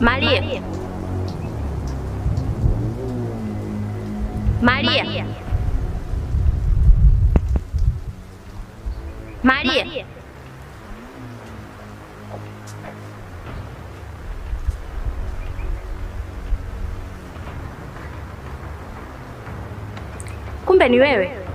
Maria. Maria. Maria. Maria. Kumbe ni wewe?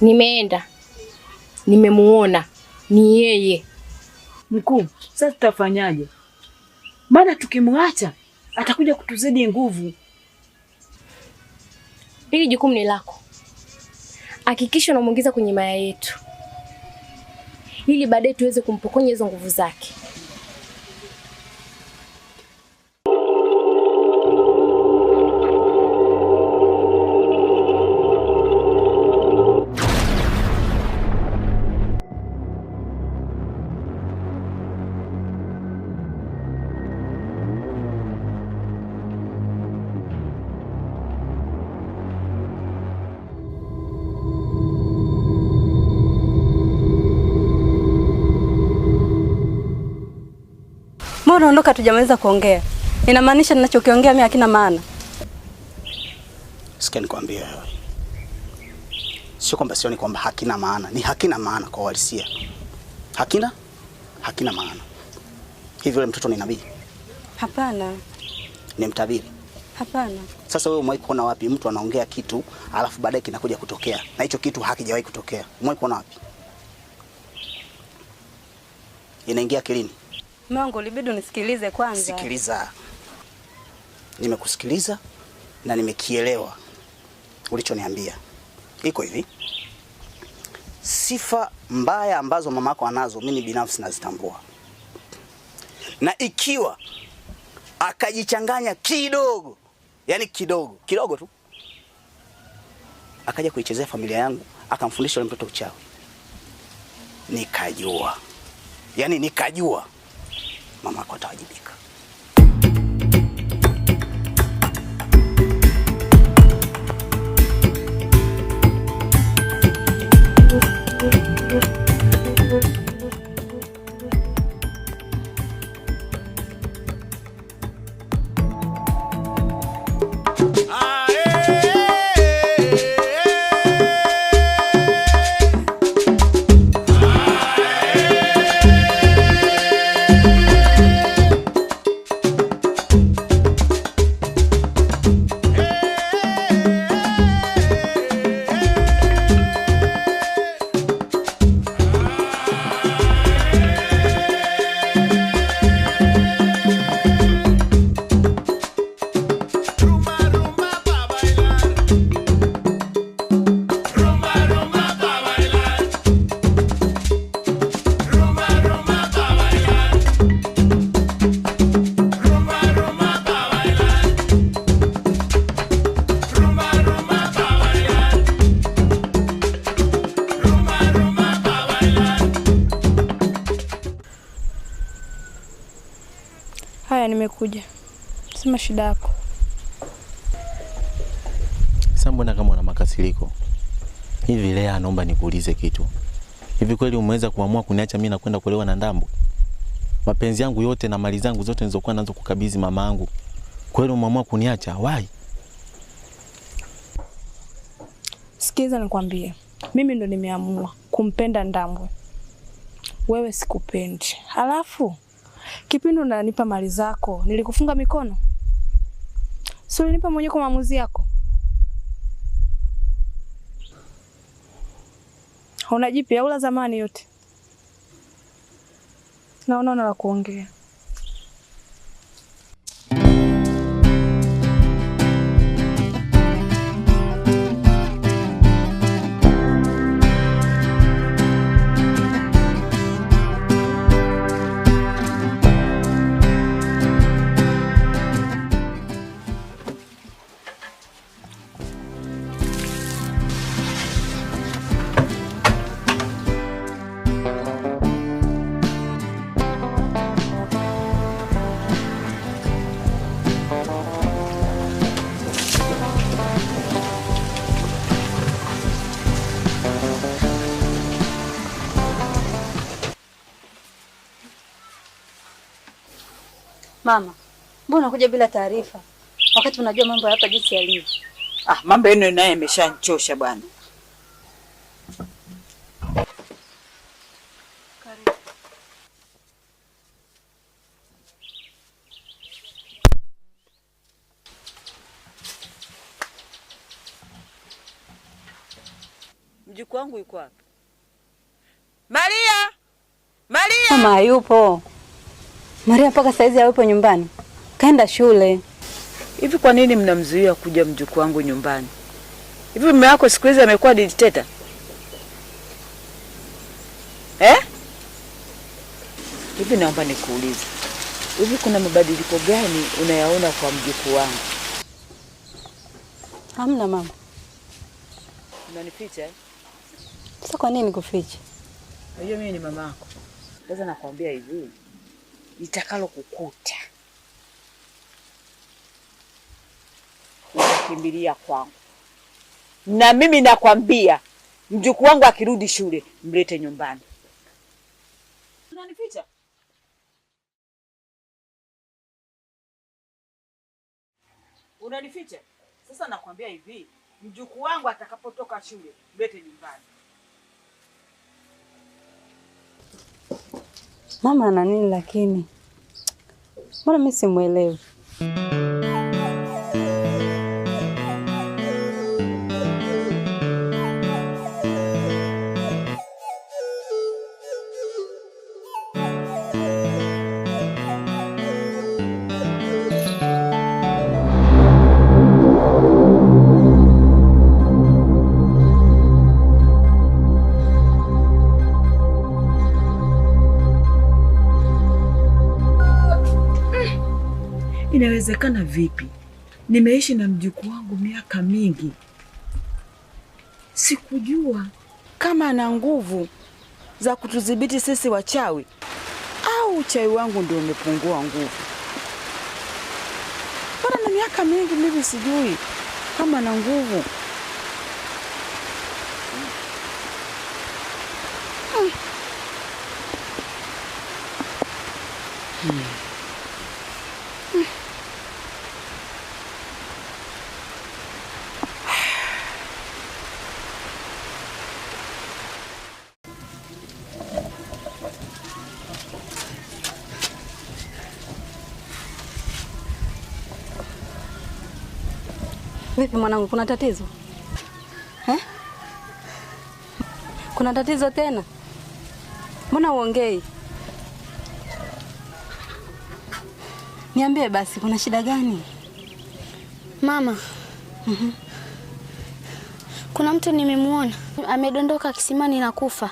Nimeenda nimemuona, ni yeye mkuu. Sasa tutafanyaje? Maana tukimwacha atakuja kutuzidi nguvu. Hili jukumu ni lako, hakikisha unamwingiza kwenye maya yetu ili baadaye tuweze kumpokonya hizo nguvu zake. unaondoka tujamaliza kuongea. Inamaanisha ninachokiongea mimi hakina maana. Sikia nikwambie wewe. Sio kwamba sioni kwamba hakina maana, ni hakina maana kwa uhalisia. Hakina hakina maana. Hivi yule mtoto ni nabii? Hapana. Ni mtabiri? Hapana. Sasa wewe umewahi kuona wapi mtu anaongea kitu alafu baadaye kinakuja kutokea na hicho kitu hakijawahi kutokea? Umewahi kuona wapi? Inaingia kilini? Mungu, libidi unisikilize kwanza. Sikiliza, nimekusikiliza na nimekielewa ulichoniambia. Iko hivi, sifa mbaya ambazo mama yako anazo mimi binafsi nazitambua, na ikiwa akajichanganya kidogo, yani kidogo kidogo tu, akaja kuichezea familia yangu, akamfundisha yule mtoto uchawi, nikajua, yani nikajua 妈妈，我找你去。shida yako. Sasa mbona kama una makasiriko hivi? Lea, naomba nikuulize kitu. Hivi kweli umeweza kuamua kuniacha mimi na kwenda kuolewa na Ndambo? Mapenzi yangu yote na mali zangu zote nilizokuwa nazo kukabidhi mama yangu, kweli umeamua kuniacha? Why? sikiza nikwambie, mimi ndo nimeamua kumpenda Ndambo, wewe sikupendi. Halafu kipindi unanipa mali zako, nilikufunga mikono? Si ulinipa mwenyewe kwa maamuzi yako. Una jipya au la zamani yote? Naona una la kuongea. Mama, mbona unakuja bila taarifa wakati unajua mambo ya hapa jinsi yalivyo? Ah, mambo yenu naye yameshanchosha bwana. Mjukuu wangu yuko wapi? Maria, Maria. Mama hayupo. Maria mpaka saizi hawepo nyumbani, kaenda shule. Hivi kwa nini mnamzuia kuja mjukuu wangu nyumbani? Hivi mume wako siku hizi amekuwa dikteta eh? Hivi naomba nikuulize, hivi kuna mabadiliko gani unayaona kwa mjukuu wangu? Hamna mama. Unanificha eh? Sasa kwa nini kuficha? Hiyo mimi ni mama yako. Sasa nakwambia hivi nitakalo kukuta utakimbilia kwangu, na mimi nakwambia, mjukuu wangu akirudi shule mlete nyumbani. Unanipita? Unanificha? Sasa nakwambia hivi, mjukuu wangu atakapotoka shule mlete nyumbani. Mama ana nini lakini? Mbona mimi simuelewi? Inawezekana vipi? Nimeishi na mjukuu wangu miaka mingi, sikujua kama ana nguvu za kutudhibiti sisi wachawi au uchawi wangu ndio umepungua nguvu. Bora na miaka mingi, mimi sijui kama ana nguvu hmm. Hmm. Vipi mwanangu, kuna tatizo eh? Kuna tatizo tena? Mbona uongei? Niambie basi, kuna shida gani mama? mm -hmm. Kuna mtu nimemuona amedondoka kisimani na kufa.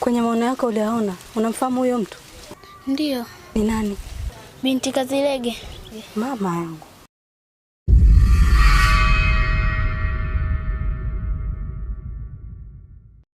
Kwenye maono yako uliaona? Unamfahamu huyo mtu? Ndiyo. Ni nani? Binti Kazilege. Mama yangu